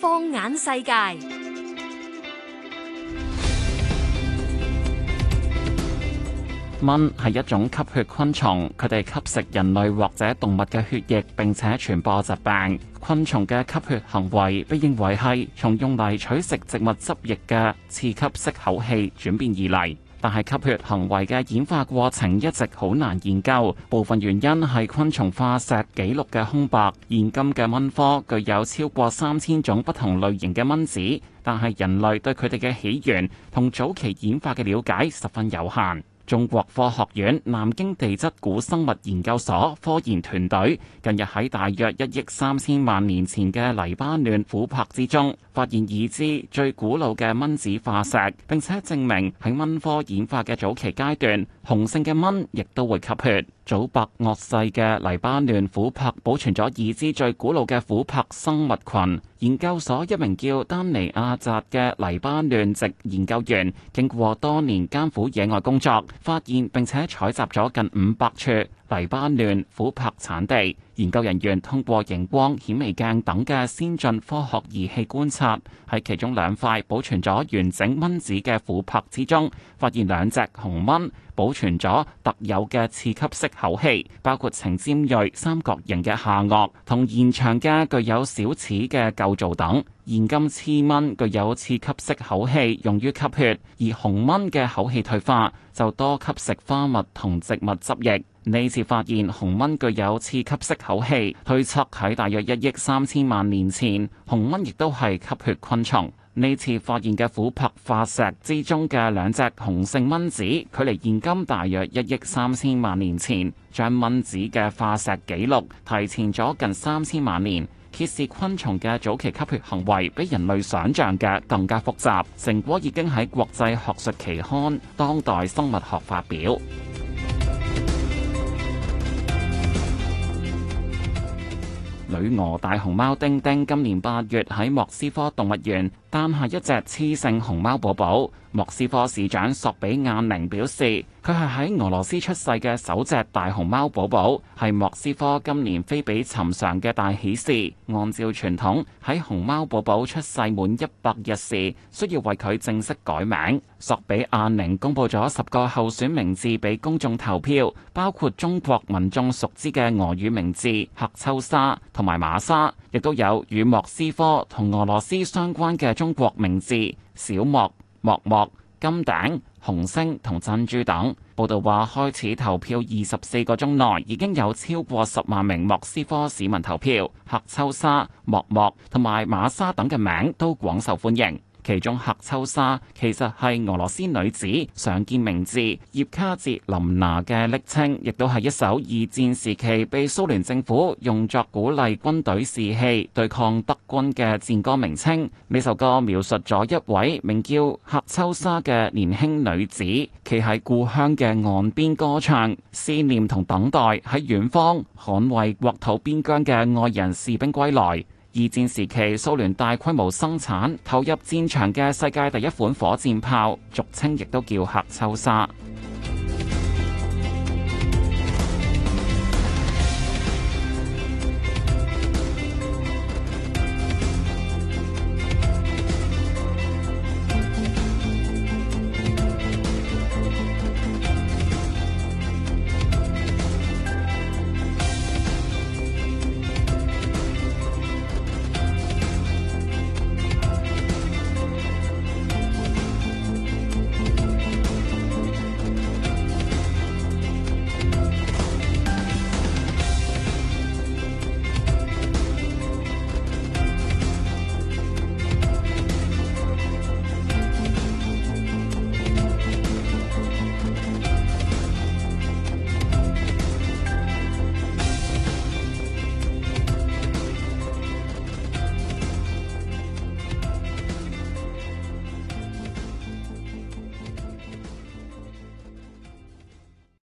放眼世界，蚊係一種吸血昆蟲，佢哋吸食人類或者動物嘅血液，並且傳播疾病。昆蟲嘅吸血行為被認為係從用嚟取食植物汁液嘅刺吸式口器轉變而嚟。但係吸血行為嘅演化過程一直好難研究，部分原因係昆蟲化石記錄嘅空白。現今嘅蚊科具有超過三千種不同類型嘅蚊子，但係人類對佢哋嘅起源同早期演化嘅了解十分有限。中國科學院南京地質古生物研究所科研團隊近日喺大約一億三千萬年前嘅黎巴嫩琥珀之中，發現已知最古老嘅蚊子化石，並且證明喺蚊科演化嘅早期階段，雄性嘅蚊亦都會吸血。早白堊世嘅黎巴嫩琥珀保存咗已知最古老嘅琥珀生物群。研究所一名叫丹尼亞扎嘅黎巴嫩籍研究員，經過多年艱苦野外工作，發現並且採集咗近五百處。黎巴嫩琥珀產地，研究人員通過熒光顯微鏡等嘅先進科學儀器觀察，喺其中兩塊保存咗完整蚊子嘅琥珀之中，發現兩隻雄蚊保存咗特有嘅刺吸式口器，包括呈尖銳三角形嘅下顎同延長嘅具有小齒嘅構造等。現今雌蚊具有刺吸式口器，用於吸血，而雄蚊嘅口器退化，就多吸食花蜜同植物汁液。呢次發現雄蚊具有刺吸式口器，推測喺大約一億三千萬年前，雄蚊亦都係吸血昆蟲。呢次發現嘅琥珀化石之中嘅兩隻雄性蚊子，距離現今大約一億三千萬年前，將蚊子嘅化石記錄提前咗近三千萬年，揭示昆蟲嘅早期吸血行為比人類想像嘅更加複雜。成果已經喺國際學術期刊《當代生物學》發表。與俄大熊貓丁丁今年八月喺莫斯科動物園誕下一隻雌性熊貓寶寶。莫斯科市長索比亞寧表示。佢係喺俄羅斯出世嘅首隻大熊貓寶寶，係莫斯科今年非比尋常嘅大喜事。按照傳統，喺熊貓寶寶出世滿一百日時，需要為佢正式改名。索比亞寧公布咗十個候選名字俾公眾投票，包括中國民眾熟知嘅俄語名字「黑秋莎」同埋「馬莎」，亦都有與莫斯科同俄羅斯相關嘅中國名字「小莫」、「莫莫」、「金頂」、紅星同珍珠等。報道話，開始投票二十四個鐘內已經有超過十萬名莫斯科市民投票。黑秋莎、莫莫同埋馬莎等嘅名都廣受歡迎。其中，喀秋莎其實係俄羅斯女子常見名字，葉卡捷琳娜嘅暱稱，亦都係一首二戰時期被蘇聯政府用作鼓勵軍隊士氣、對抗德軍嘅戰歌名稱。呢首歌描述咗一位名叫喀秋莎嘅年輕女子，企喺故鄉嘅岸邊歌唱，思念同等待喺遠方捍衛國土邊疆嘅愛人士兵歸來。二戰時期，蘇聯大規模生產投入戰場嘅世界第一款火箭炮，俗稱亦都叫喀秋莎。